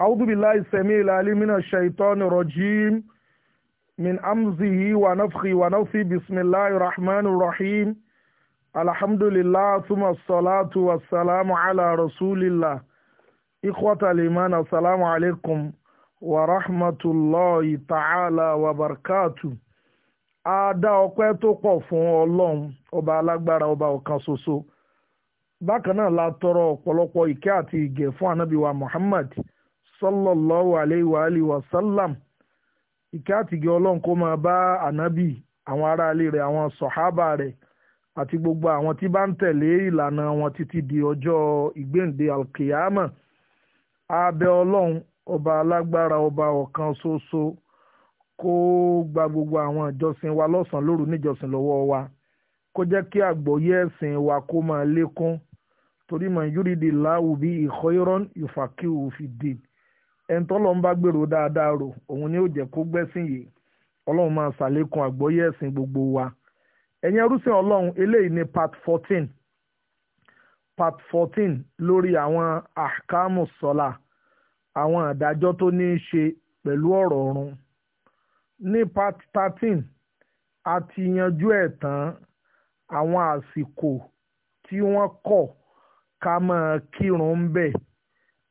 أعوذ بالله السميع العليم من الشيطان الرجيم من أمزه ونفخه ونفثه بسم الله الرحمن الرحيم الحمد لله ثم الصلاة والسلام على رسول الله إخوة الإيمان السلام عليكم ورحمة الله تعالى وبركاته a dá ọpẹ́ tó pọ̀ fún ọlọ́run ọba alágbára ọba ọ̀kan ṣoṣo bákan náà la tọrọ ọ̀pọ̀lọpọ̀ ìkẹ́ àti ìgẹ̀ fún anábìwa Muhammad sallallahu alayhi wa alihi wa sallam ìkẹ́ àtìgẹ́ ọlọ́run kó máa bá ànábì àwọn aráalé rẹ̀ àwọn sọ̀hábà rẹ̀ àti gbogbo àwọn tí bá ń tẹ̀lé ìlànà wọn títí di ọjọ́ ìgbéǹde alkiyama abẹ ọlọ́run ọba alágbára ọba ọ̀kan ṣoṣo kó gba gbogbo àwọn ìjọsìn wa lọ́sàn-án lóru níjọsìn lọ́wọ́ wa kó jẹ́ kí àgbọ́yé ẹ̀sìn wa kó máa lékún torí mọ̀ yúrídìí láwùbí ìkọ́ ìrọ́n ìfàkíwù fìdí ẹ̀ńtọ́lọ́ ń bá gbèrò dáadáa rò òun ni ó jẹ́ kó gbẹ́sìn yìí ọlọ́run máa ṣàlékún àgbọ́yé ẹ̀sìn gbogbo wa ẹ̀yin arúsìn ọlọ́run eléyìí ni part fourteen part fourteen lórí àwọn ahkamu sọlá àwọn àdájọ́ tó ní í ṣe pẹ̀lú ọ̀rọ̀ ọ̀run ní part thirteen a ti yanjú ẹ̀ tán àwọn àsìkò tí wọ́n kọ̀ ká máa kírun ń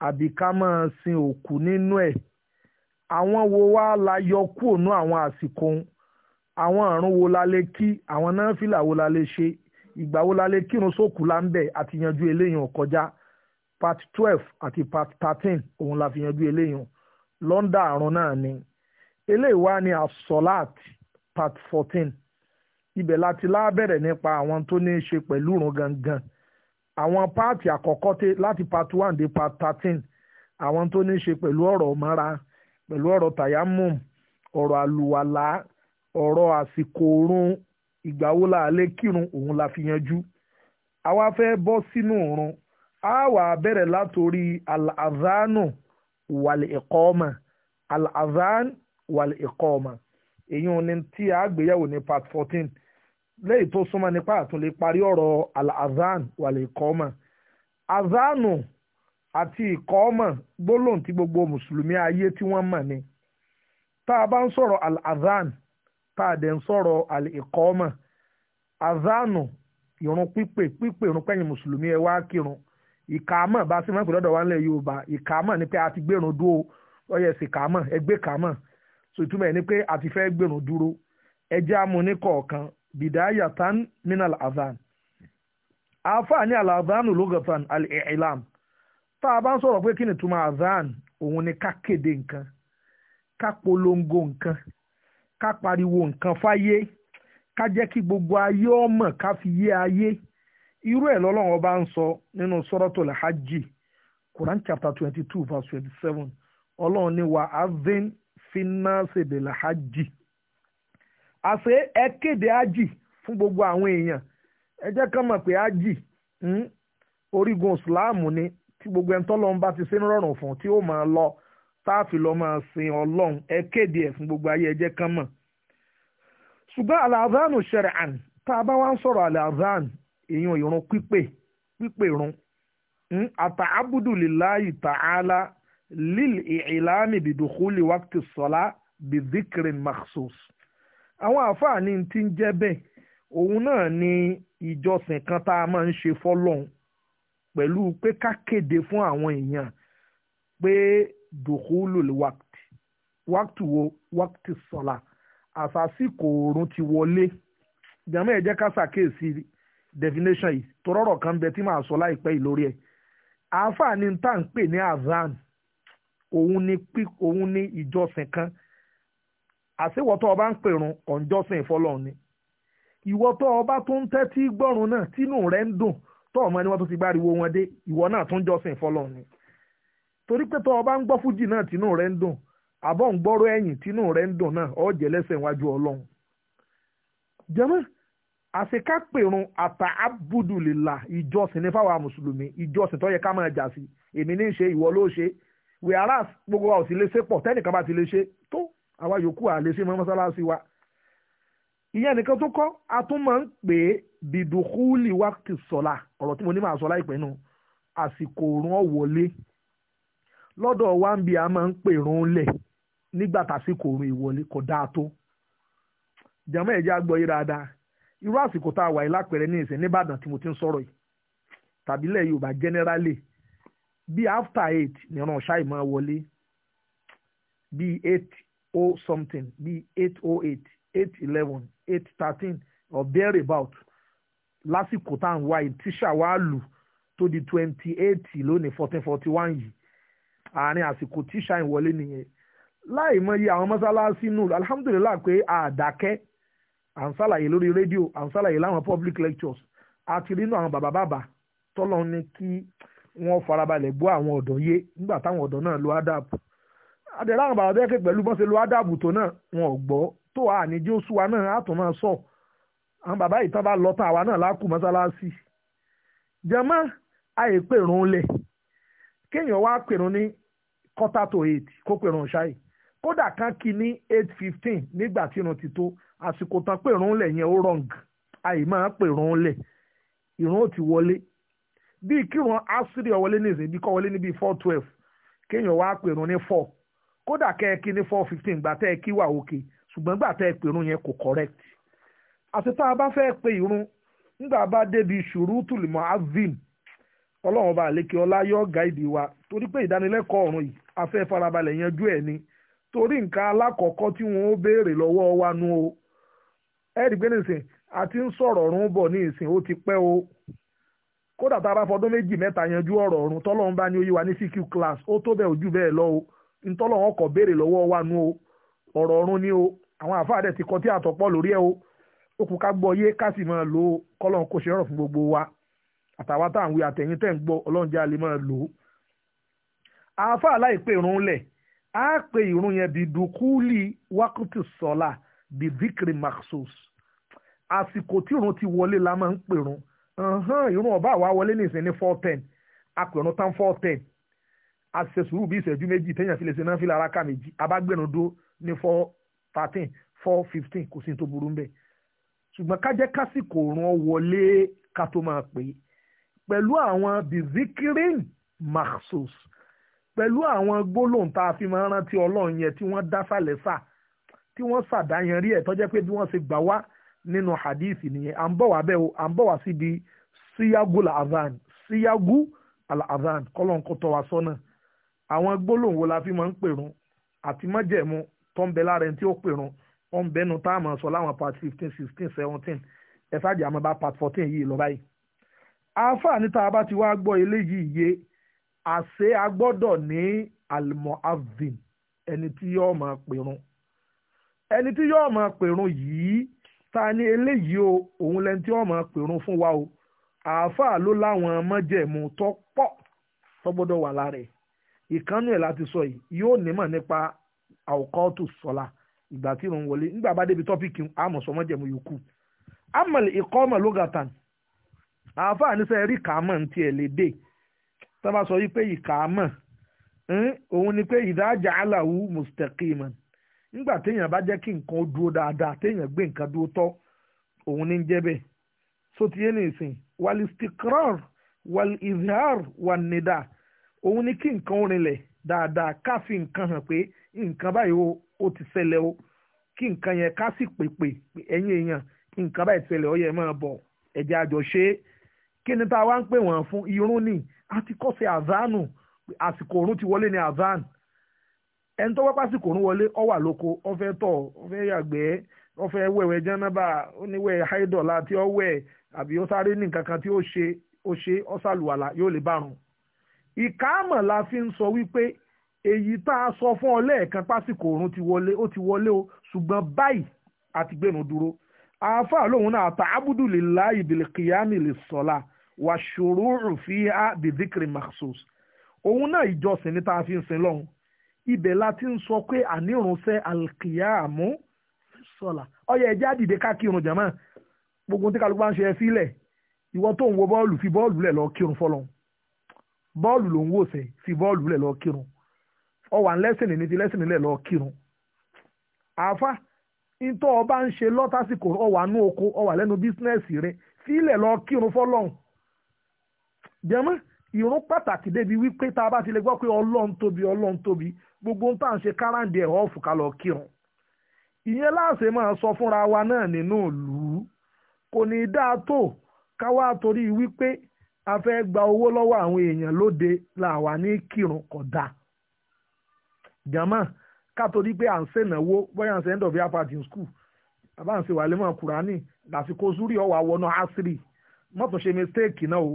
àbí ká máa sin òkú nínú ẹ̀ àwọn wo wá la yọ kúrò nú àwọn àsìkò àwọn àrùn wo la lè kí àwọn náfìlà wo la lè ṣe ìgbà wo la lè kírun sókù láńbẹ̀ àti yanjú eléyàn kọjá part twelve àti part thirteen òun la fi yanjú eléyàn lọ́ndà àrùn náà ni eléyìí wá ní asolat part fourteen ibẹ̀ láti lábẹ̀rẹ̀ nípa àwọn tó ní í ṣe pẹ̀lú ìrun gangan àwọn páàtì àkọ́kọ́ tẹ láti part one dé part thirteen àwọn tó ní ṣe pẹ̀lú ọ̀rọ̀ mọ́ra pẹ̀lú ọ̀rọ̀ tayamum ọ̀rọ̀ àlùwàlá ọ̀rọ̀ àsìkò oorun ìgbà wo la lè kírun òun la fi yanjú àwa fẹ́ bọ́ sínú òrun a wà bẹ̀rẹ̀ látòrí al-azanu wal-iqama al-azan wal-iqama èyí ò ní tí a gbéyàwó ní part fourteen lẹ́yìn tó súnmọ́ nípa àtúnlé parí ọ̀rọ̀ al-azan wàlẹ̀ ìkọ́mọ̀ azanu àti ìkọ́mọ̀ gbólóhùn tí gbogbo mùsùlùmí ayé tí wọ́n mọ̀ ni tá a bá ń sọ̀rọ̀ al-azan tá a dẹ̀ ń sọ̀rọ̀ al-ìkọ́mọ̀ azanu ìrun pípè pípè ìrun pẹ́yìn mùsùlùmí ẹ wá kírun ìkàmọ̀ bá sí mọ́pẹ́ lọ́dọ̀ wa ńlẹ̀ yorùbá ìkàmọ̀ ni pé a ti gbèrún dúró ọyẹ sì kàmọ̀ ẹgbẹ́ kàmọ̀ so ìtumọ̀ ẹ̀ ni pé a ti fẹ́ gbèrún dúró ẹjẹ́ amúnikọ̀ọ̀kan bidayatan min al-adhan àáfàá ní al-adhan lugatan al-i'lam tá a bá pé kí ni túmọ̀ adhan òun ni ká kéde nǹkan ká polongo nǹkan ká pariwo nǹkan fáyé ká jẹ́ kí gbogbo ayé ọmọ ká fi yé ayé irú ẹ̀ lọ́lọ́run ọba ń sọ nínú suratul hajj quran chapter twenty two verse twenty seven ọlọ́run ní wa adhin finnasi bil hajj àṣé ẹ kéde ájì fún gbogbo àwọn èèyàn ẹ jẹ́ ká mọ̀ pé ájì hmm, orígun ìsìláàmù ni tí gbogbo ẹni tọ́lọ́run bá ti ṣe ń rọrùn fún tí ó máa lọ táàfin lọ máa sin ọlọ́run ẹ kéde ẹ̀ fún gbogbo ayé ẹ jẹ́ mọ̀. ṣùgbọ́n àlàáfáànù ṣẹ̀rẹ̀àn tá a bá wá ń sọ̀rọ̀ àlàáfáànù èèyàn ìrun pípè pípè run àtàábùdù lìláyì tààlà lílì ìlànà ìbìdókòlì wákìtì sọlá bìdíkìrì makhsus àwọn àáfàá ní ti ń jẹ́ bẹ́ẹ̀ òun náà ni ìjọsìn kan tá a máa ń ṣe fọ́lọ́hun pẹ̀lú pé ká kéde fún àwọn èèyàn pé dùkúlù wákìtì wákìtì wo wákìtì sọ̀la àsásìkò oorun ti wọlé jàmọ́ ẹ jẹ́ ká ṣàkíyèsí definition yìí torọ́rọ̀ kan bẹ tí màá sọ láìpẹ́ yìí lórí ẹ̀ àáfàá ní tá à ń pè ní azan òun ni òun ni ìjọsìn kan àṣewọ́ tó ọba ń pèrun ọ̀njọ́sìn fọlọ́run ni ìwọ tó ọba tó ń tẹ́tí gbọ́run náà tínú rẹ̀ ń dùn tó ọmọ ẹni wọ́n tó ti bá ariwo wọn dé ìwọ náà tún jọ́sìn fọlọ́run ni torí pé tó ọba ń gbọ́ fújì náà tínú rẹ̀ ń dùn àbọ̀ ń gbọ́rọ̀ ẹ̀yìn tínú rẹ̀ ń dùn náà ó jẹ́ lẹ́sẹ̀ iwájú ọlọ́run jẹ́mọ́ àṣekápèrun àtà abudulila ìjọsìn ní fáwọn àwa yòókù àlè sí mọ́ mọ́sálásí wa ìyẹn nìkan tó kọ́ a tún máa ń pè é bìdùkúlì wákìtì sọ̀la ọ̀rọ̀ tí mo ní máa sọ láìpẹ́ nù àsìkò òrùn ọ̀wọ́lé lọ́dọ̀ wa ń bi a máa ń pè rún lẹ̀ nígbà tàsíkò òrùn ìwọlé kò dáa tó jàmọ́ ẹ̀jẹ̀ àgbọ̀ yìí dáadáa irú àsìkò tá a wà yìí lápẹ̀rẹ̀ ní ìsìn nìbàdàn tí mo ti ń sọ̀rọ̀ yìí tàbí ilẹ̀ Yorùbá generally bíi after eight nìran ṣáì máa wọlé bíi eight oh something bíi 808, 811, 813, or thereabout lásìkò tá à ń wá yìí tíṣà wá lù tó di twenty eight lónìí fourteen forty one yìí àárín àsìkò tíṣà ìwọlé nìyẹn láì mọyì àwọn mọ́sálásí nù alhamdulilayi pé àdàkẹ́ à ń ṣàlàyé lórí rédíò à ń ṣàlàyé láwọn public lectures àti nínú àwọn bàbá bàbá tọ́lọ́ ní kí wọ́n farabalẹ̀ gbọ́ àwọn ọ̀dọ́ yé nígbà táwọn ọ̀dọ́ náà lo adapt àdèrè àwọn bàbá bẹ́ẹ̀ pẹ̀lú bọ́n ṣe lo ádàbù tó náà wọn ò gbọ́ tó wà ní jésù wa náà á tún máa sọ àwọn bàbá yìí tán bá lọ tán àwa náà lákù mọ́sálásí jẹ́mọ́ àyè pèrún lẹ̀ kéèyàn wá pèrún ní quarter to eight kó pèrún ṣáì kódà kan kí ní eight fifteen nígbà tí irun ti tó àsìkò tán pèrún lẹ̀ yẹn ó wrong àyè máa pèrún lẹ̀ ìrun ò ti wọlé bíi kírun asiri ọ̀wọ́lé nìsín bí kọ́ níbi four twelve kéèyàn wá pèrún ní four kódà ka ẹ ní four fifteen gbà tẹ́ ẹ kí wà òkè ṣùgbọ́n gbà tẹ́ ẹ kò correct àti bá fẹ́ pe irun nígbà bá débi ṣùrù tùlùmọ́ mọ ọlọ́run ọba ọlá yọ gáìdì wa torí pé ìdánilẹ́kọ̀ọ́ ọ̀run yìí a farabalẹ̀ yanjú ẹ̀ ni torí nǹkan alákọ̀ọ́kọ́ tí wọ́n béèrè lọ́wọ́ wa nu o ẹ̀rí pé nìsín àti ń sọ̀rọ̀ ntọ́lọ́wọ́n kọ̀ béèrè lọ́wọ́ wa nu o ọ̀rọ̀ ọ̀run ni o àwọn àfáà dẹ̀ ti kọ́ tí àtọ̀pọ̀ lórí ẹ̀ o ó kù ká gbọ́ yé ká sì máa lo kọ́lọ́n kó ṣe rọ̀ fún gbogbo wa àtàwa tá à ń wí àtẹ̀yìn tẹ̀ ń gbọ́ ọlọ́run jẹ́ a lè máa lò ó. àáfàá láìpẹ́ ìrun lẹ̀ á pe ìrun yẹn bí dùkúlì wákùtì sọ́là bí vikri maxus àsìkò tí ìrun ti wọlé la máa ń pèrun ìrun ọba àwa wọlé nìsín ní four ten àpèrun tán four ten a ṣe sùúrù bí ìṣẹ́jú méjì téèyàn fi lè ṣe náà fi lára ká méjì abágbẹ̀rún ní four thirteen four fifteen kò sí tó burú ńbẹ̀ ṣùgbọ́n ká jẹ́ kásìkò rán wọlé ká tó máa pè é pẹ̀lú àwọn bizikirin maxus pẹ̀lú àwọn gbólóhùn tá a fi máa rántí ọlọ́run yẹn tí wọ́n dá sálẹ̀ sá tí wọ́n ṣàdáyan ẹ̀ tó pé bí wọ́n ṣe gbà wá nínú hadithi nìyẹn à ń bọ̀ wá bẹ́ẹ̀ o à ń bọ̀ wá síbi síyágù al-azan síyágù kọ́lọ́n kò tọ́ wa sọ́nà. So àwọn gbólóhùn wo la fi máa ń pèrun àti májẹ̀mú tó ń bẹ lára ẹni tí ó pèrun ó ń bẹnu tá a máa sọ láwọn part fifteen sixteen seventeen ẹ ṣáàjì àmọ́ bá part fourteen yìí lọ báyìí. àáfàá níta bá ti wá gbọ́ eléyìí yé àṣé a gbọ́dọ̀ ní almuazzin ẹni tí yóò máa pèrun ẹni tí yóò máa pèrun yìí ta ni eléyìí o òun lẹni tí yóò máa pèrun fún wa o àáfàá ló láwọn májẹ̀mú tó pọ̀ tó gbọ́dọ̀ wà lára ẹ̀ ìkànnì ẹ̀ láti sọ yìí yóò nímọ̀ nípa àwòkọ́tù sọ́la ìgbà tí ìrun wọlé nígbà bá débi tọ́pìkì àmọ̀ sọmọ́ jẹ̀mú yòókù amọ̀lẹ̀ ikọ́ ọmọ lógatan àáfàá níṣẹ́ rí kàámọ̀ ní tiẹ̀ lédè tó bá sọ wípé ìkàámọ̀ òun ni pé ìdájà aláwù mustaqiman nígbà téèyàn bá jẹ́ kí nǹkan dúró dáadáa téèyàn gbé nǹkan dúró tọ́ òun ní jẹ́ bẹ́ẹ̀ so tiẹ́ nìsín wàlìstikrar wàlìzhar wànídàá òun ni kí nǹkan orinlẹ̀ dáadáa ká fi nǹkan hàn pé nǹkan báyìí ó ti ṣẹlẹ̀ o kí nǹkan yẹn ká sì pèpè ẹ̀yìn èèyàn nǹkan báyìí ti ṣẹlẹ̀ ó yẹ máa bọ̀ ẹ̀jẹ̀ àjọ kí ni tá a wá ń pè wọ́n fún irun ni a ti kọ́ sí àzánù àsìkò òrùn ti wọlé ní àzán ẹni tó wápá àsìkò òrùn wọlé ó wà lóko ó fẹ́ tọ̀ ó fẹ́ yàgbẹ́ ó fẹ́ wẹ̀wẹ̀ jánábà ó níwẹ̀ háídọ̀lá tí ó wẹ̀ àbí ó sáré ní nǹkan kan tí ó ṣe ó ṣe ó sàlùwàlà yóò lè bàrùn ìkáàmọ̀ la fi ń sọ wípé èyí tá a sọ fún ọ lẹ́ẹ̀kan pásìkò òrùn ti wọlé ó ti wọlé o ṣùgbọ́n báyìí àti gbẹ̀nu dúró àáfàá lòun náà ta abudu lillahi bilqiyami lissola wa shuru'u fiha bidhikri makhsus òun náà ìjọsìn ní tá a fi ń sin lọ́hùn ibẹ̀ la ti ń sọ pé ànírunṣẹ́ alkiyamu sọ̀la ọyẹ ẹja dìde ká kírun jàmá gbogbo tí kálukú bá ń ṣe ẹ sílẹ̀ ìwọ tó ń wo bọ́ọ̀lù fi bọ́ọ̀lù lẹ̀ lọ kírun fọlọ́hún bọ́ọ̀lù lòun wò sẹ́ fi bọ́ọ̀lù lẹ̀ lọ kírun ọwà ń lẹ́sìn ní ti lẹ́sìn lẹ̀ lọ kírun àáfà ntọ́ ọba ń ṣe lọ́tàsìkò ọwà nú oko ọwà lẹ́nu bísínẹ́sì rẹ sílẹ̀ lọ kírun fọlọ́hún jẹ́mọ́ ìrún pàtàkì débi wípé tá a bá ti lè gbọ́ pé ọlọ́run tóbi ọlọ́run tóbi gbogbo ń tà ń ṣe káràǹdì ẹ̀ ọ̀fù ká lọ kírun ìyẹn láàṣẹ máa sọ fúnra wa náà nínú ìlú kò ní dáa tó káwá torí wípé a fẹ́ gba owó lọ́wọ́ àwọn èèyàn lóde làwa ní kírun kódà jama kátorí pé à ń ṣènáwó bóyá à ń ṣe end of year party in school àbá à ń ṣe wàlẹ́mọ̀ kùránì lásìkò zúrí ọ̀wà wọnà àṣírí mọ́tò ṣe mistake náà o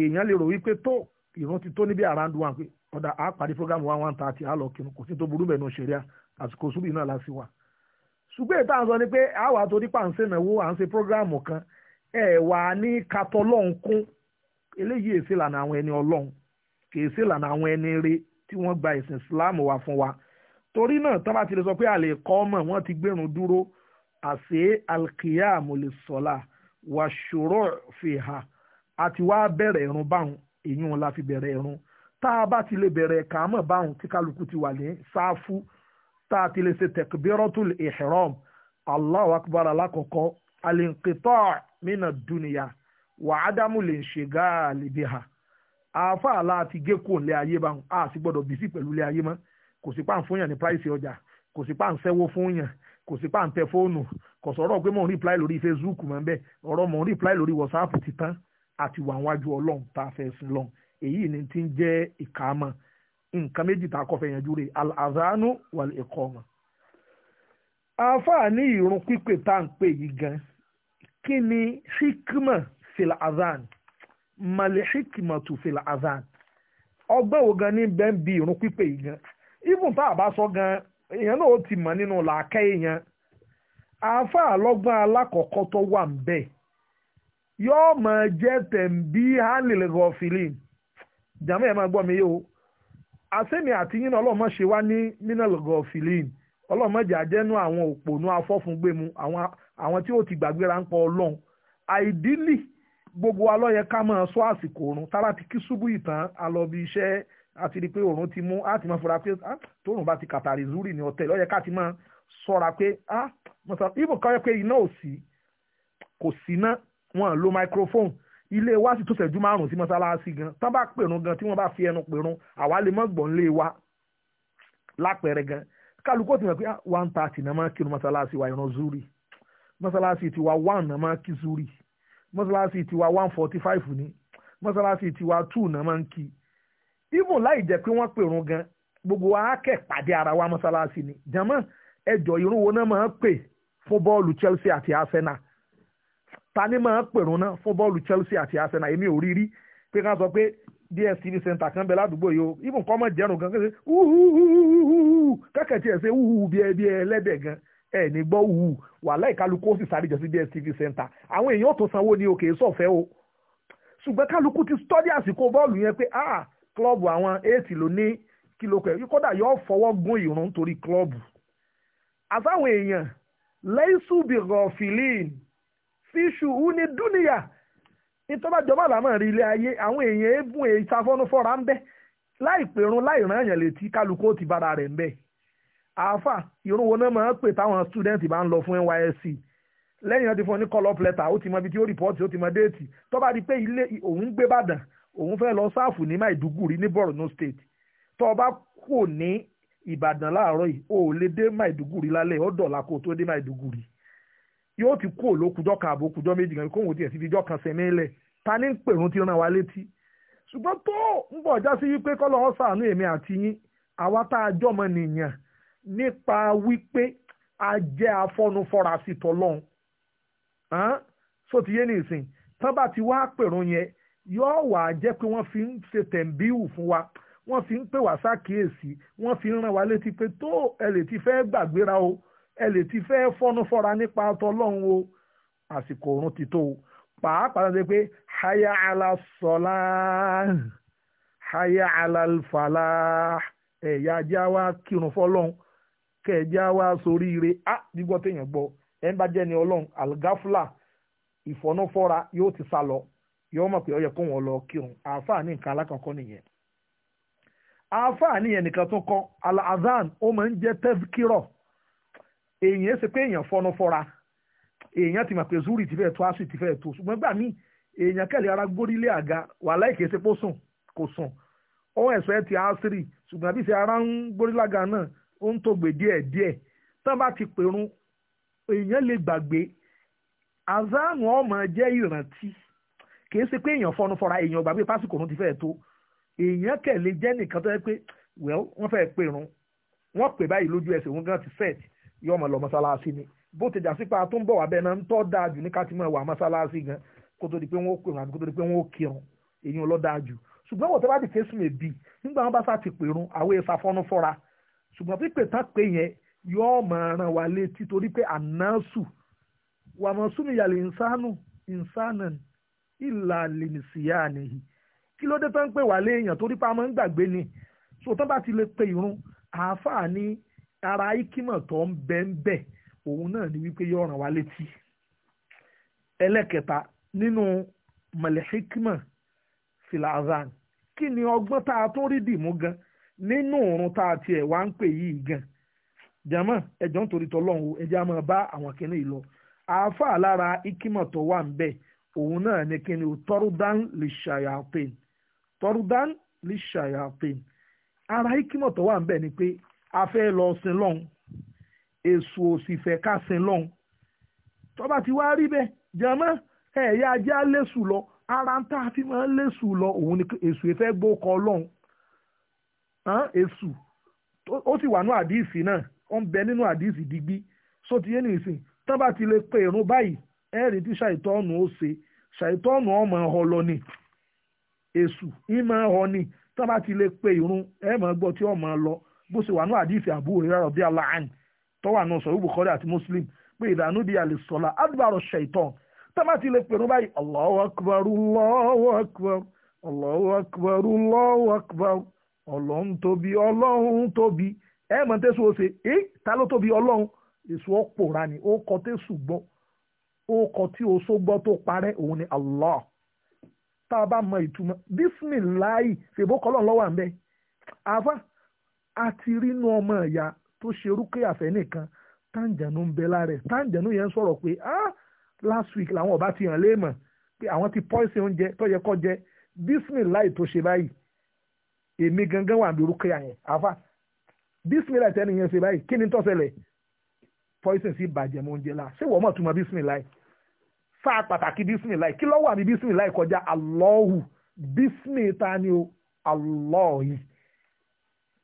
èèyàn lè rò wípé tó ìran ti tó níbi around one pé ọ̀dà á parí program one one thirty á lọ kírun kò sí tó burú bẹ̀rù ṣẹ̀ríà àsìkò zúrí náà lásìwà ṣùgbọ́n ìta sọ ni pé àwa torí pàǹsẹ̀ náà wo à ń ṣe program kan ẹ wà ní katọ́ ọlọ́run kún eléyìí èsì lànà àwọn ẹni ọlọ́run kìí lànà àwọn ẹni rẹ tí wọ́n gba ìsìn Islam wá fún wa torí náà tán bá ti lè sọ pé àlè kọ́ ọmọ wọn ti gbẹ̀rún dúró àṣé alkiyamu lè sọ́la wà ṣòro fìhà àti wá bẹ̀rẹ̀ ẹ̀rùn báwọn èyí wọn la fi bẹ̀rẹ̀ ẹ̀rùn tá a bá ti lè bẹ̀rẹ̀ kàámọ̀ báwọn tí kálukú ti wà ní sáfù tá a ti lè ṣe tẹ̀kbírọ́tul ihram Allahu akbar alákọ̀ọ́kọ́ alinkitọ́ mina dúnìyà wa Adamu lè ṣe gáàlì bí ha àáfàá láti gé kò lé ayé bá wọn a sì gbọ́dọ̀ bìsí pẹ̀lú lé ayé mọ́ kò sí pà ń fún yàn ní price ọjà kò sí pà ń sẹ́wó fún yàn kò sí pà ń tẹ fóònù kò sọ̀rọ̀ pé mò ń reply lórí Facebook mọ́ ń bẹ́ ọ̀rọ̀ mò ń reply lórí WhatsApp ti tán àti wà wájú ọlọ́run tá a fẹ́ sin lọ́n èyí ni ti ń jẹ́ ìkàámọ̀ nǹkan méjì tá a kọ́ fẹ́ yanjú rẹ̀ al-azanu wal-iqama àáfàá ní ìrun pípè tá à ń pè yìí gan-an kí ni hikma fil azan mali hikma tu ni bẹ́ẹ̀ bí irun pípé yìí gan even tá a bá sọ gan èèyàn náà ó ti mọ̀ nínú làákẹ́ èèyàn àáfàá lọ́gbọ́n alákọ̀ọ́kọ́ tó wà ń bẹ̀ yóò máa jẹ́ tẹ̀m̀bí hanlil gọ̀fìlín jàmọ́ ẹ̀ máa gbọ́ mi yóò àsẹ́mi àti yín àwọn tí ó ti gbàgbéra ń pọ ọlọ́run àìdílì gbogbo wa ló yẹ ká máa sọ àsìkò oorun tára ti kí ṣubú ìtàn alọ́bí iṣẹ́ àti rí pé oorun ti mú á ti máa fura pé ah, tóorùn bá ti kàtàrí zuri ní ọ̀tẹ̀ ló ká ti máa sọ́ra pé ibò ah, kan pé iná ò sí kò sí ná wọn lo microphone ilé wa sì tó ṣẹ́jú márùn-ún sí mọ́sálásí gan tán bá pèrún gan tí wọ́n bá fi ẹnu pèrún àwa lè mọ́ gbọ̀n lé wa lápẹẹrẹ gan kálukú ti mọ̀ pé ah, one thirty náà máa kírun mọ́sálásí wa ìran zuri Masalasi tiwa one náà máa kí zuri tiwa one forty five ni masalasi tiwa two náà máa ń kí even láì jẹ́ pé wọ́n pèrún gan gbogbo wa á kẹ̀ pàdé ara wa mọ́sálásí ni jàmọ́ ẹjọ́ irun wo náà máa ń pè fún bọ́ọ̀lù Chelsea àti Arsenal ta ni máa ń pèrún náà fún bọ́ọ̀lù Chelsea àti Arsenal èmi ò rí pé ká sọ pé DSTV center kan bẹ ládùúgbò yìí o even kọ́ jẹ́rùn gan kẹ́kẹ́ tiẹ̀ ṣe wúhú bí ẹlẹ́dẹ̀ gan ẹ̀ ní gbọ́ wù wàhálà ìkálukú ó sì sáré jọ sí DSTV center àwọn èèyàn tó sanwó ni òkè sọ̀fẹ́ o ṣùgbọ́n kálukú ti stọ́dí àsìkò bọ́ọ̀lù yẹn pé ah klọ́ọ̀bù àwọn eight ló ní kìlọ̀ pẹ̀ kódà yóò fọwọ́ gún ìrún torí klọ́ọ̀bù àtàwọn èèyàn lẹ́yìnsù bìrọ̀ fìlín fíṣù ú ní dúnìyà nítorí àjọba àlámọ̀ rí ilé ayé àwọn èèyàn ebùn ìsàfọ́nú fọ́ra ń bẹ́ láìpẹ̀rún láìrán èèyàn létí kálukú ó ti bára rẹ̀ ń bẹ́ẹ̀ àáfà irun wo náà máa pè táwọn student bá ń lọ fún NYSC lẹ́yìn náà fún ọ ní call up letter ó ti mọ ibi tí ó rìpọ́ọ̀tì ó ti mọ déètì tó bá di pé ilé òun gbé bàdàn òun fẹ́ lọ sáàfù ní Maiduguri ní Borno state tó o kò ní Ìbàdàn láàárọ̀ yìí o ò lè dé Maiduguri lálẹ́ ó dọ̀la kó tó dé Maiduguri yóò ti kú òlókùjọ́ kan àbókùjọ́ méjì kan tiẹ̀ sí kan nípa wípé a jẹ́ afọ́nufọ́ra sí tọ́lọ́hún so ti yé nìsín tán bá ti wá pèrò yẹn yóò wà á jẹ́ pé wọ́n fi ń ṣe tẹ̀m̀bíhù fún wa wọ́n fi ń pè wá sákìyèsí wọ́n fi ń ràn wá létí pé tó ẹ lè ti fẹ́ gbàgbéra o ẹ lè ti fẹ́ fọ́nufọ́ra nípa tọ́lọ́hún o àsìkò òrun ti tó o pàápàá ṣe pé haya ala sọlá haya ala falá ẹ̀yà ajá wa kírun fọ́lọ́hún kẹ̀jẹ́ á awa soro ire a gbígbọ́ téèyàn gbọ ẹ ń bá jẹ́ ni ọlọ́run algafla yóò ti sá lọ yóò mọ̀ pé ó yẹ kó wọn lọ kírun àáfàá ní nǹkan alákọ̀ọ́kọ́ nìyẹn àáfàá nìyẹn nìkan tó kọ́ alazan ó máa ń jẹ́ tẹ́fkírọ̀ èèyàn ṣe pé èèyàn fọ̀nàfọ́ra èèyàn ti mọ̀ pé zuri ti fẹ́ tó asu ti fẹ́ tó ṣùgbọ́n gbà mí èèyàn kẹ́lẹ̀ ara àga kò sùn ó ti asiri ṣùgbọ́n àbí ṣe ara ń gbórílága náà ó ń tògbè díẹ̀ díẹ̀ tán bá ti pèrun èèyàn lè gbàgbé àzáàrùn ọmọ jẹ́ ìrántí kìí ṣe pé èèyàn fọnú fọra èèyàn gbàgbé pásìkò òun ti fẹ́ tó èèyàn kẹ̀lé jẹ́ nìkan tó yẹ pé wọ́n fẹ́ pèrun wọ́n pè báyìí lójú ẹsẹ̀ òun gan ti set yọ ọmọ lọ mọ́sálásí ni bó ti jà sípa tó ń bọ̀ wá bẹ́ẹ̀ náà ń tọ́ dáa jù ní ká ti mọ̀ wà mọ́sálásí gan kó tó di pé wọ́n pèrun àbí kó tó di pé wọ́n kírun èèyàn ló dáa jù ṣùgbọ́n wọ́n tó bá di kéésù lè bì nígbà wọn bá sá ti pèrun àwọn èèfà fọnú fọra ṣùgbọ́n pípè tá pé yẹn yóò máa ràn wá létí torí pé ànásù wàmọ̀súnmìyàlè ìnsánù ìnsánà ìlà lèmìsíyà nìyí kí ló dé tó ń pè wá léèyàn torí pé a máa ń gbàgbé ni so tó bá ti lè pe ìrun àáfàá ní ara ikímọ̀ tó ń bẹ ń bẹ òun náà ni wípé yóò ràn wá létí ẹlẹ́kẹta nínú mọ̀lẹ́híkímọ̀ filazan kí ni ọgbọ́n tá a tún rí dìmú gan-an nínú òrun tá a tiẹ̀ wá ń pè yìí gan jẹ́mọ́ ẹ̀jọ́ ń torí tọ́lọ́hún o ẹ̀jẹ̀ á máa bá àwọn kìnnì yìí lọ àáfà lára ikímọ̀ tó wà ń bẹ̀ òun náà ni kí o tọ́rúdán lè ṣàyàpín tọ́rúdán lè ṣàyàpín ara ikímọ̀ tó wà ń bẹ̀ ni pé a fẹ́ lọ sin lọ́hún èso òsì fẹ́ ká sin lọ́hún tọ́ba ti wá rí bẹ́ẹ̀ jẹ́mọ́ ẹ̀yà ajá lẹ́sù lọ ara ń tá a fi máa ń lẹ́sù lọ òun ni èso ìfẹ́ gbókọ̀ ọlọ́hún èṣù ó sì wà nínú àdìsí náà ó ń bẹ nínú àdìsí digbí só ti yé ní ìsìn tán bá ti lè pe irun báyìí ẹ̀rí tí ṣàìtọ́nù ó ṣe ṣàìtọ́nù ọmọ lọ ni èṣù ìmọ̀ ni tán bá ti lè pe irun ẹ̀ mọ̀ gbọ́ tí ọmọ lọ bó ṣe wà nínú àdìsí àbúrò rẹ̀ rọ̀ bí aláàánì tó wà náà sọ̀rọ̀ Muslim pé ọlọ́run tóbi ọlọ́run tóbi ẹ mọ̀ tẹ́sù ọ̀sẹ̀ ẹ ta ló tóbi ọlọ́run èso ọ̀pòra ni ó kọ tẹ́sù gbọ́ ó kọ tí oṣó gbọ́ tó parẹ́ òun ni Allah tá a bá mọ ìtumọ̀ bísímìláì fèbó kọlọ́n lọ́wọ́ à ń bẹ́ àfa a ti rí inú ọmọ ìyá tó ṣe orúkẹ́ àfẹ́ nìkan táǹjànú ń bẹ lára ẹ̀ táǹjànú yẹn ń sọ̀rọ̀ pé ah last week làwọn ọba ti hàn léèmọ̀ pé àwọn ti pọ́ìsì oúnjẹ tó yẹ kó jẹ bísímìláì tó ṣe báyìí èmi gangan wà lórí kí àyẹn àfa bísímìlá ìtẹ́ni yẹn ṣe báyìí kí ni tọ́sẹ̀lẹ̀ poison sí bàjẹ́ mọ́ oúnjẹ la ṣé wọ́n mọ̀ túmọ̀ bísímìlá yìí sáà pàtàkì bísímìlá yìí kí lọ́wọ́ àmì bísímìlá yìí kọjá alọ́hù bísímìlá ni o alọ́ọ̀yì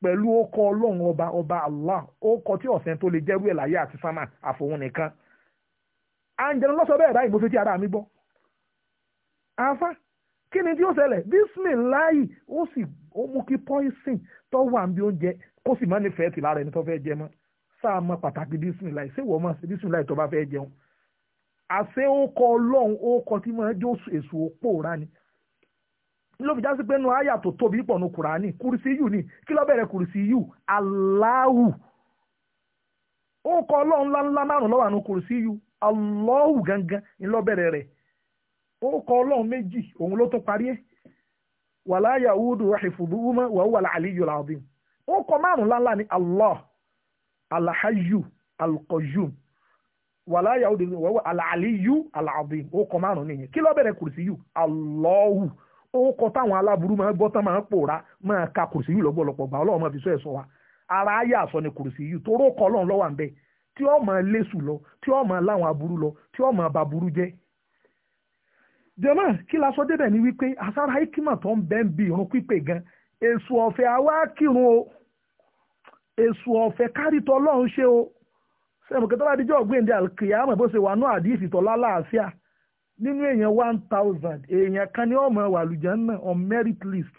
pẹ̀lú ọkọ̀ ọlọ́run ọba ọba allah ọkọ̀ tí ọ̀sẹ̀ tó lè jẹ́rú ẹ̀ láyé àti sámà àfòun nìkan àǹjẹ̀nu lọ́sọ bẹ́ẹ̀ báyìí mo fi ti ara mi gbọ́ afa kí ni tí ó ṣẹlẹ̀ bísímìláì ó sì ó mú kí poison tó wà níbi oúnjẹ kó sì máa nífẹ̀ẹ́ tì lára ẹni tó fẹ́ jẹ mọ́ sáà mọ pàtàkì bísímìláì ṣé wọ́n mọ̀ sí bísímìláì tó bá fẹ́ jẹun àṣé ó kọ ọlọ́run ó kọ tí máa jó èso pòórá ni ló fi jásí pé nu àyà tó tóbi pọ̀ nu kùránì kùrìsì yù ni kí ló bẹ̀rẹ̀ kùrìsì yù aláwù ó kọ ọlọ́run ńláńlá márùn lọ́wọ́ àánú kùrìsì yù alọ́wù gangan ńlọ́bẹ̀rẹ̀ rẹ̀ ó kọ ọlọ́run méjì òun ló tún parí ẹ̀ wàlá yahudu rahifuduhuma wà wà aliyu alazim ó kọ márùn láńlá ni allah alhayu alqayyum wàlá yahudu ó kọ márùn nìyẹn kí ló bẹ̀rẹ̀ kùrìsì yù allahu ó kọ táwọn aláburú máa gbọ́ máa pòórá máa ka kùrìsì yù lọ́gbọ̀lọpọ̀ gbà máa fi sọ sọ wa ara ayé àsọ ni kùrìsì yù toró kọ ọlọ́run lọ́wọ́ à tí máa lọ tí máa láwọn lọ tí máa jẹ́mọ́ kí la sọ débẹ̀ ni wípé àsára ikima tó ń bẹ́ẹ̀ bí irun pípé gan èso ọ̀fẹ́ àwa kírun o èso ọ̀fẹ́ kárìtọ́ ọlọ́run ṣe o sẹ́mu kẹta bá dijọ́ ọ̀gbìndé alkiyama bó ṣe wà ní àdìsí tọ́lá láàfíà nínú èèyàn one thousand èèyàn kan ní ọmọ wàlùjẹ́ náà on merit list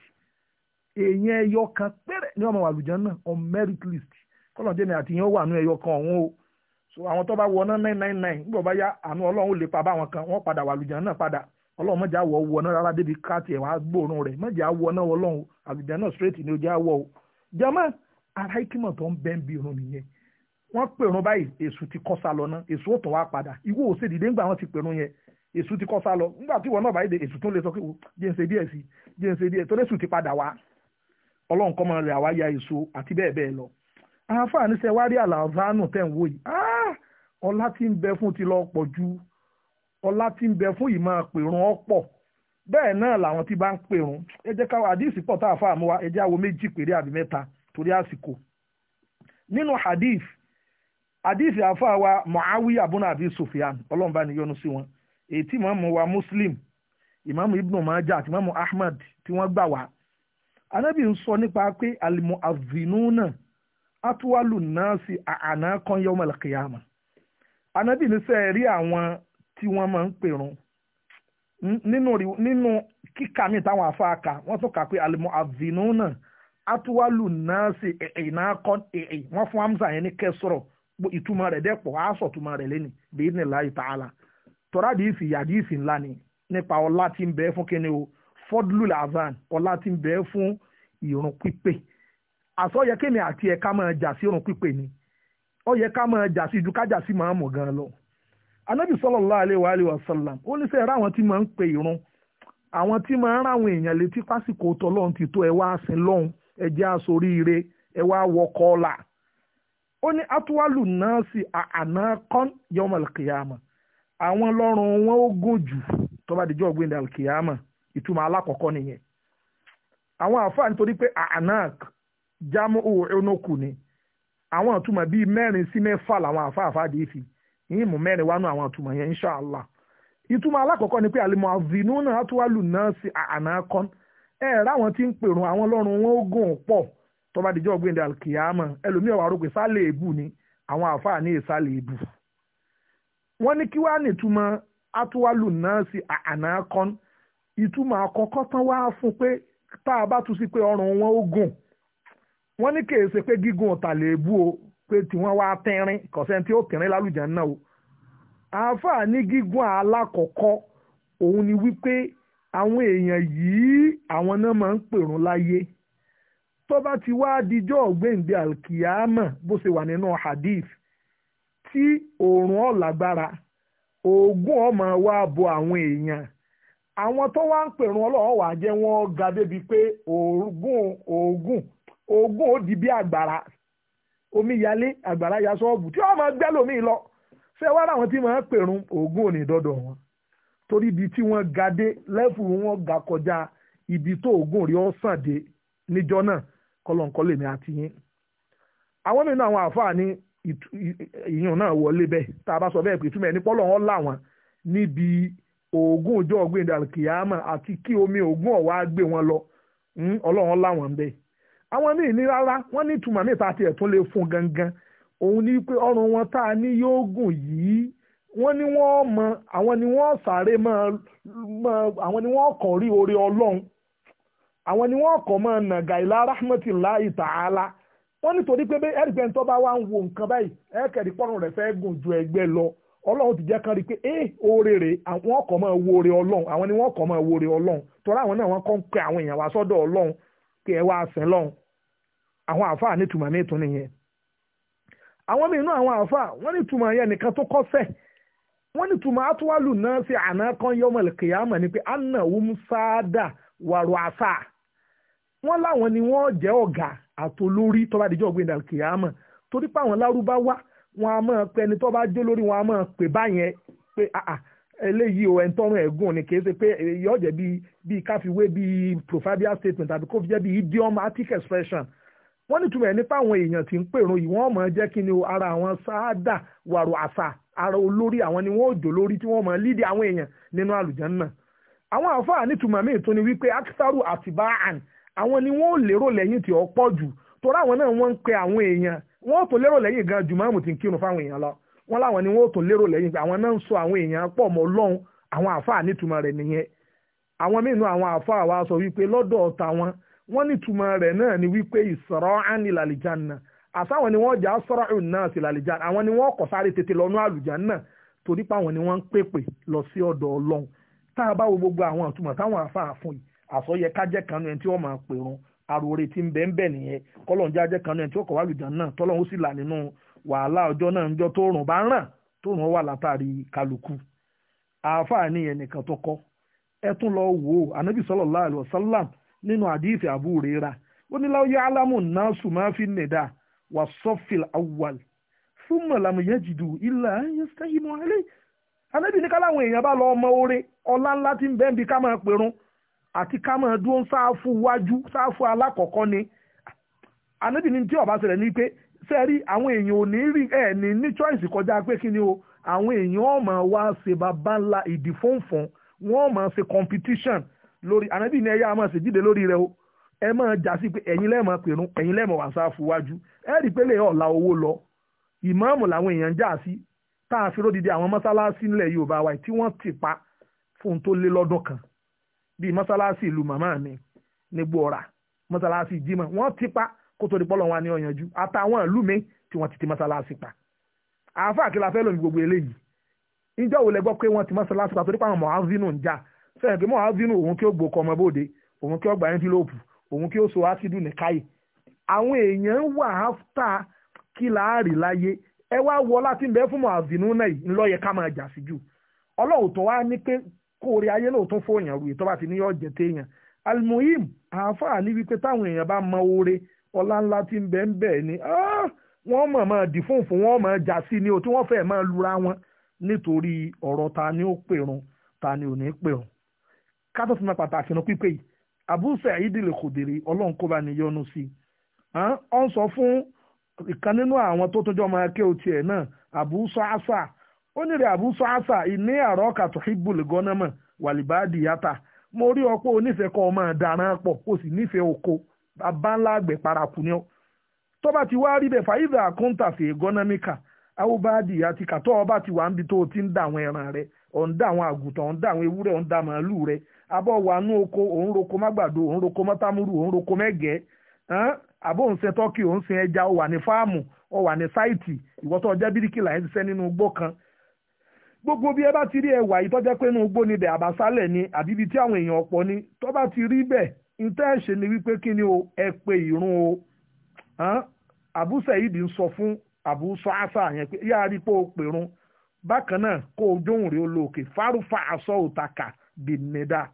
èèyàn ẹyọ kan péré ní ọmọ wàlùjẹ́ náà on merit list kọ́nà jẹ́mi àti yẹn wà ní ẹyọ kan ọ̀hún o so àwọn tó bá wọ náà nine nine nine nígbà bá yá àánú ọlọ́run lè pa báwọn kan wọ́n padà wàlùjẹ́ náà padà ọlọ́run mọ̀jà wọ̀ wọ náà rárá débi káàtì ẹ̀wọ̀n agbóòrùn rẹ̀ mọ̀jà wọ náà ọlọ́run àlùjá náà straight ni ojú àwọ̀ o jama ara ikimọ̀ tó ń bẹ́ ń bi irun nìyẹn wọ́n pèrún báyìí èṣù ti kọ́ sá lọ náà èṣù ò tàn wá padà ìwọ ò ṣèdìdé ńgbà wọn ti pèrún yẹn èṣù ti kọ́ sá lọ nígbà tí wọn náà báyìí èṣù tó lè sọ pé jẹ́nse díẹ̀ sí jẹ́nse díẹ̀ tó lẹ́sù ti padà wá ọlọ́run kọ́ máa rẹ̀ àwa ya èṣù àti bẹ́ẹ̀ bẹ́ẹ̀ lọ. àǹfààní sẹ wá rí àlàzánù tẹ̀ ń wò yìí ọlá tí ń bẹ fún ti lọ pọ̀ ju ọlá tí ń bẹ fún yìí máa pèrún ọ̀pọ̀ bẹ́ẹ̀ náà làwọn tí bá ń pèrún ẹ jẹ́ káwọn àdìsí pọ̀ tá a fà mú wa ẹ jẹ́ àwọn méjì péré àbí mẹ́ta torí àsìkò nínú hadith hadith àfa wa muawi abuna abi sufyan ọlọ́run bá ní yọ́nú sí wọn èyí tí màmú wa muslim ìmáàmù ibnu maja àti màmú ahmad tí wọ́n gbà wá anábì ń sọ nípa pé alimu azinuna atuwalu nasi àná kan yọmọlẹkẹyàmà anábì ní sẹ́ẹ̀ àwọn tí wọ́n máa ń pèrun hmm, nínú kíkà míì táwọn àfáà kà wọ́n tún kà pé àlùmọ́ àvìnú náà atuwalu nọ́ọ̀sì ẹ̀yìn náà kọ́ ẹ̀yìn wọ́n fún hamza yẹn ní kẹsọ̀rọ̀ ìtumọ̀ rẹ̀ dẹ́pọ̀ aṣọ ìtumọ̀ rẹ̀ lẹ́nu bíi nílá ìtaala tọ́ra dìí fi yàdí ìfì ńlá ni nípa ọlá tí ń bẹ fún kíni o fọdúlù làzán ọlá tí ń bẹ fún ìrun pípé àsọyẹ kémi àti ẹ̀ka máa jà sí ìrun pípé ni ó yẹ ká máa jà sí ju ká jà sí máa mọ̀ gan lọ anábì sallallahu alaihi wa sallam ó ní sẹ́yìn ráwọn tí máa ń pe ìrun àwọn tí máa ń ráwọn èèyàn létí pásìkò tọ́lọ́run ti tó ẹ wá sin lọ́hùn ẹ jẹ́ aṣoríire ẹ wá wọkọ̀ ọ̀la ó ní atúwálù náà sì àná kán yọmọ alkiyama àwọn lọ́rùn wọn ó gùn tó bá dijọ́ ọ̀gbìn alkiyama ìtumọ̀ alákọ̀ọ́kọ́ nìyẹn àwọn àfáà nítorí pé àná jámọ́ òun ẹnokù ni àwọn ìtumọ̀ bíi mẹ́rin sí mẹ́fà làwọn àfáà àfáà dé fi yín mú mẹ́rin wánú àwọn àtúmọ̀ yẹn insha Allah ìtumọ̀ alákọ̀ọ́kọ́ ni pé àlèmọ̀ àvínú náà tó wá lù náà sí ànákọ́n ẹ ráwọn tí ń pèrún àwọn ọlọ́run wọn ó gùn pọ̀ tó bá gbẹ̀ndẹ̀ alkiyama ẹlòmíì wà sálẹ̀ èbù ni àwọn àáfàá ní ìsálẹ̀ èbù. wọ́n ní kí a bá sí pé ọrùn wọn ó gùn wọ́n ní kèé o pé tí wọ́n wá tẹ́rín kọ̀sẹ́ni tí ó tẹ́rín lálùjá náà o àáfàá ní gígùn alákọ̀ọ́kọ́ òun ni wípé àwọn èèyàn yìí àwọn náà máa ń pèrún láyé tó bá ti wá dijọ́ ọ̀gbẹ́ǹde alkiyama bó ṣe wà nínú hadith tí oòrùn ọ̀làgbára oògùn ọmọ wa bo àwọn èèyàn àwọn tó wá ń pèrún ọlọ́wọ́ wà jẹ́ wọ́n ga débi pé oògùn oògùn oògùn ó di bí àgbàrá omi omíyalé àgbàrá ya sọ́ọ̀bù tí wọ́n máa gbẹ́ lómi lọ ṣé wá láwọn tí ma ń pèrún ògùn òní dọ́dọ̀ wọn torí ibi tí wọ́n ga dé lẹ́fù wọn ga kọjá ibi tó ògùn rí ọ̀sán dé níjọ́ náà kọlọ̀ǹkọlẹ̀ àti yín àwọn mìíràn àwọn ní ìyún náà wọlé bẹ́ẹ̀ tá sọ bẹ́ẹ̀ pé níbi ògùn ọ̀gbìn àwọn míì ní rárá wọ́n ní ìtumọ̀ míì tá a tiẹ̀ tún lè fún gangan òun ni pé ọrùn wọn tá a ní yóò gùn yìí wọ́n ní wọ́n mọ àwọn ni wọ́n sáré mọ́ àwọn ni wọ́n kàn rí orí ọlọ́run àwọn ni wọ́n kàn mọ́ nàgà ìlà rahmatullahi ta'ala wọ́n nítorí pé ẹ̀rí pé ntọ́ bá wà ń wo nǹkan báyìí ẹ̀ẹ́kẹ̀rí pọ́nrún rẹ̀ fẹ́ gùn wo ọlọ́run àwọn ni wọ́n wo ọlọ́run kí ẹ wá sìn lọ́hùn àwọn àáfàá ní tùmọ̀ mí tún nìyẹn àwọn míì náà àwọn àáfàá wọ́n ní tùmọ̀ yẹn nìkan tó kọ́sẹ̀ wọ́n ní tùmọ̀ atúwálù náà sí àná kan yọmọ kìyàmọ̀ ni pé anna wumsaada wàrú àṣà wọ́n láwọn ni wọ́n jẹ́ ọ̀gá àtolórí tó bá dijọ́ ọ̀gbìn kìyàmọ̀ torí pé àwọn lárúbáwá wọn a máa pẹni tó bá jó lórí wọn a máa pè báyẹn pé àà eléyìí o ẹni tọrùn ẹgùn ni kì í ṣe pé e, yọ jẹ bíi bíi káfíwé bíi proverbial statement àbí kó fi jẹ bíi idiomatic expression wọ́n ní túmọ̀ ẹ̀ nípa àwọn èèyàn tí ń pèrò yìí wọ́n mọ̀ jẹ́ kí ni o ara àwọn sáádà wàrò àṣà ara olórí àwọn ni wọ́n ò jò lórí tí wọ́n mọ̀ lídìí àwọn èèyàn nínú àlùján náà àwọn àfáà nítumọ̀ míì tó ni wípé akisaru àti baan àwọn ni wọ́n ò lérò lẹ́yìn tí ó pọ̀ jù tó wọ́n láwọn ni wọ́n tún lérò lẹ́yìn pé àwọn náà ń sọ àwọn èèyàn pọ̀ mọ́ ọlọ́run àwọn àáfàá nítumọ̀ rẹ̀ nìyẹn àwọn mìíràn àwọn àáfàá wa sọ wípé lọ́dọ̀ ọ̀tá wọn wọ́n nítumọ̀ rẹ̀ náà ni wípé ìsọ̀rọ̀ ánì nà àtàwọn ni wọ́n jà sọ̀rọ̀ náà sí làlìjánà àwọn ni wọ́n sáré tètè lọ́nú torí pé àwọn ni wọ́n lọ sí ọ̀dọ̀ ọlọ́run tá a àwọn táwọn àáfàá fún wàhálà ọjọ́ náà ń jọ tó rùn bá ń ràn tó rùn wà látàrí kálukú àáfàá ní ẹnìkan tó ẹ tún lọ wò ó anabi sọlọ alaihi wasallam nínú àdìsí àbúrò Huraira ó ní láwọn alámù náà sùnmọ́ fi nìdá wà sọ́fìl awwal thumma lam yajidu illa yastahimu alẹ́ anabi ní káláwọn tí ń bẹ́ẹ̀ pèrún àti ká máa sáfù wájú sáfù alákọ̀ọ́kọ́ sẹ́rí àwọn èèyàn ò ní rí ẹ̀ ní ní choice kọjá pé kí ni o àwọn èèyàn ó máa wá ṣe bàbá ńlá ìdí fónfọ́n wọ́n ó máa ṣe competition lórí ànábì ní ẹ̀yà máa ṣèjíde lórí rẹ o ẹ máa jà sí pé ẹ̀yin lẹ́ẹ̀mọ pèrún ẹ̀yin lẹ́ẹ̀mọ wà sáfù wájú ẹ rí pé lè ọ̀la owó lọ ìmáàmù làwọn èèyàn jà sí tá a fi ródìdí àwọn mọ́sálásí nílẹ̀ Yorùbá wa tí wọ́n ti pa fún tó lé lọ́dún kan bíi mọ́sálásí ìlú màmá mi nígbó ọ̀rà mọ́sálásí Jímọ̀ wọ́n ti pa kó tó di pọ́lọ̀ wa ní ọ̀yànjú àtàwọn ìlú mi tí wọ́n ti ti mọ́sálásí pa àáfà kí la fẹ́ lòmí gbogbo eléyìí ìjọ wo lẹ gbọ́ pé wọ́n ti mọ́sálásí pa torí pé àwọn mọ̀hánzínú ń jà sẹ́yìn pé mọ̀hánzínú òun kí ó gbòkọ ọmọ bóde òun kí ó gba ẹnfílóòpù òun kí ó so ásídù ní káyè àwọn èèyàn wà áfítà kí láàrí láyé ẹ wá wọ láti ń bẹ fún mọ̀hánzínú náà ńlọ́yẹ ká máa jà sí jù ọlọ́run tó wá ní pé kóore ọlá ńlá tí ń bẹ ń bẹ ni ah! wọ́n mọ̀ mọ dì fún fún wọ́n máa sí ni o tí wọ́n lura wọn nítorí ọ̀rọ̀ ta ni ó pèrun ta ni ò ní pèrun ká tó pàtàkì náà pípé yìí Abu Sa'id al bá sí i ọ ń sọ fún ìkan nínú àwọn tó tó jọ máa ké ẹ̀ náà àṣà ó ìní àrọ́ kàtó bàbá ńlá àgbẹ̀ paraku ni ọ́ ti wá rí bẹ́ẹ̀ fàyíbà àkóńtà gọ́nàmíkà àti kàtọ́ ọba ti wà níbi tó o ti ń dà àwọn ẹran rẹ ọ̀ ń dà àwọn àgùntàn ọ̀ ń dà àwọn ewúrẹ́ ọ̀ ń dà màálù rẹ abọ́ wà nú oko òun roko mágbàdo òun roko mọ́tàmúrù òun roko mẹ́gẹ́ àbọ̀ tọ́kì ẹja ó wà ní fáàmù ní sáìtì ìwọ́tọ̀ ọjọ́ bíríkì là nínú ni bẹ̀ àbásálẹ̀ ni àbíbi tí àwọn ìtẹ́ ẹ̀ṣẹ̀ ni wípé kí ni o ẹ pe ìrun o Abu Said ń sọ fún Abu Sa'sa yẹn pé yáa rí pé o pèrun bákan náà kó o jóhùn rí olóòkè fárúfà aṣọ òtàkà bìnnìdá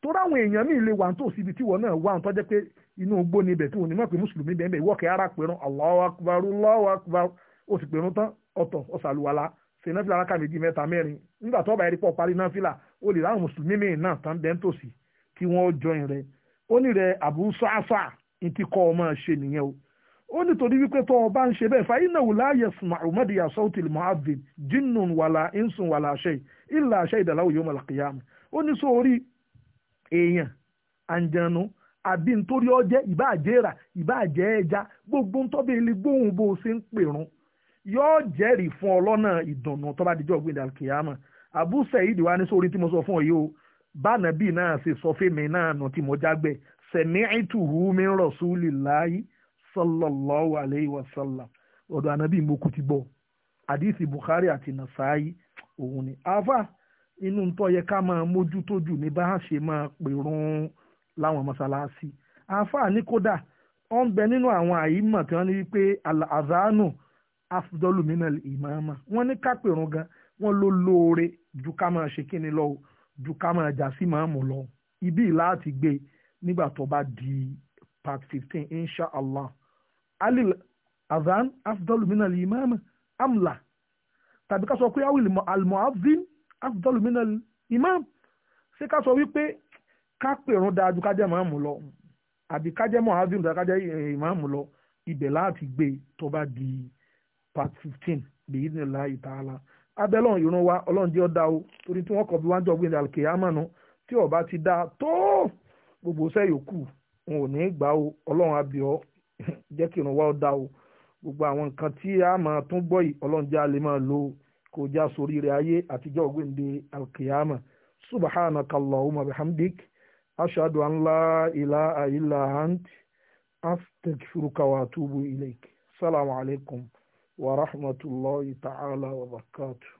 tó ráwọn èèyàn lè wà ibi náà wà ní tọ́jẹ́ pé inú ni ibẹ̀ tí mọ̀ pé mùsùlùmí ara pèrun Allahu akbar Allahu akbar ó sì pèrun tán ọ̀tọ̀ ọ̀sàlùwàlà ṣe náfìlà méjì mẹ́ta mẹ́rin nígbà tó bá yẹ pọ̀ parí náfìlà ó lè ráwọn mùsùlùmí náà tán bẹ́ẹ̀ ó ní rẹ̀ àbúṣáṣá ìtì kọ́ ọ máa ṣe nìyẹn o ó nítorí wípé tó o ń ṣe bẹ́ẹ̀ fa iná wò láàyè sùmàrùmọ́dì yasọ́ọ̀tì muhammed jinnun wàlà insun wàlà àṣẹ ìlà àṣẹ ìdàláwò yóò mọ̀lá kìyàmù ó ní sórí èèyàn àǹjẹ̀nu àbí nítorí ọjẹ́ ìbáàjẹ́ra ìbáàjẹ́ ẹja gbogbo ntọ́bẹ̀ ilé gbóhùn bó o ṣe ń pèrún yóò jẹ́rìí fún ọlọ́nà ìdùnnú tó bá dijọ́ gbé dàkìyàmù àbúṣe ìdìwá ní sórí tí mo sọ fún ọ yìí o bánàbí náà ṣe sọ fèmí náà nù tí mo jágbẹ́ sẹ̀mí ìtùhù mi ń rasulillahi sallallahu alayhi wa sallam ọ̀dọ̀ ànábì mo kù ti gbọ́ àdìsí Bukhari àti Nasaayi òun ni afa inú ń tọ́ yẹ ká máa mójútójú ní bá a ṣe máa pèrún láwọn mọ́ṣáláṣí afa ní kódà ó ń bẹ nínú àwọn àyímọ̀ tí wọ́n ní wípé àzánù afdoluminal imama wọ́n ní ká pèrún gan wọ́n ló lóore ju ká máa ṣe kíni lọ́wọ́ ju ká máa jà sí màámù lọ ibí láti gbé nígbà tó bá di part fifteen insha allah alil azan afdol mina li imam amla tàbí ká sọ pé awil almuazin afdol mina li imam ṣé ká sọ wípé ká pèrún dáa ju ká jẹ́ màámù lọ àbí ká jẹ́ muazin dáa ká jẹ́ ìmáàmù eh, lọ ibẹ̀ láti gbé tó bá di part fifteen bíi ní láì tààlà. abẹ́lọ́n ìrún wa ọlọ́run jẹ́ ọ̀dà o torí tí wọ́n kọ̀ bí wọ́n jọ gbìyànjú tí ọba ti da tó gbogbo iṣẹ́ yòókù n ò ní gbà o ọlọ́run gbogbo àwọn nǹkan tí a máa tún gbọ́ yìí ọlọ́run jẹ́ alẹ́ máa lo kò já sórí rẹ̀ ayé àtijọ́ atubu salamu ورحمة الله تعالى وبركاته